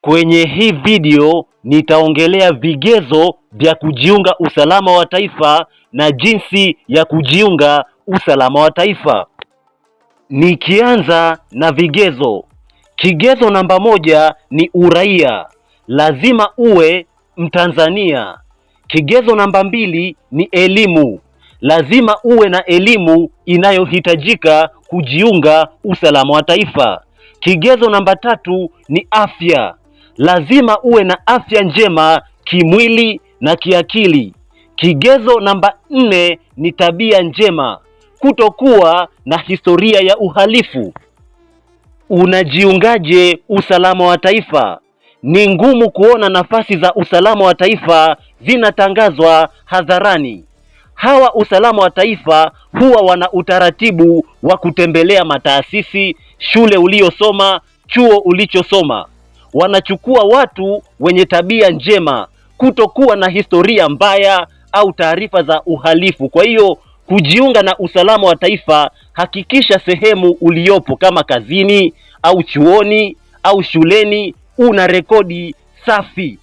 Kwenye hii video nitaongelea vigezo vya kujiunga usalama wa taifa na jinsi ya kujiunga usalama wa taifa. Nikianza na vigezo, kigezo namba moja ni uraia, lazima uwe Mtanzania. Kigezo namba mbili ni elimu, lazima uwe na elimu inayohitajika kujiunga usalama wa taifa. Kigezo namba tatu ni afya lazima uwe na afya njema kimwili na kiakili. Kigezo namba nne ni tabia njema, kutokuwa na historia ya uhalifu. Unajiungaje usalama wa taifa? Ni ngumu kuona nafasi za usalama wa taifa zinatangazwa hadharani. Hawa usalama wa taifa huwa wana utaratibu wa kutembelea mataasisi, shule uliosoma, chuo ulichosoma wanachukua watu wenye tabia njema, kutokuwa na historia mbaya au taarifa za uhalifu. Kwa hiyo kujiunga na usalama wa taifa, hakikisha sehemu uliyopo kama kazini au chuoni au shuleni una rekodi safi.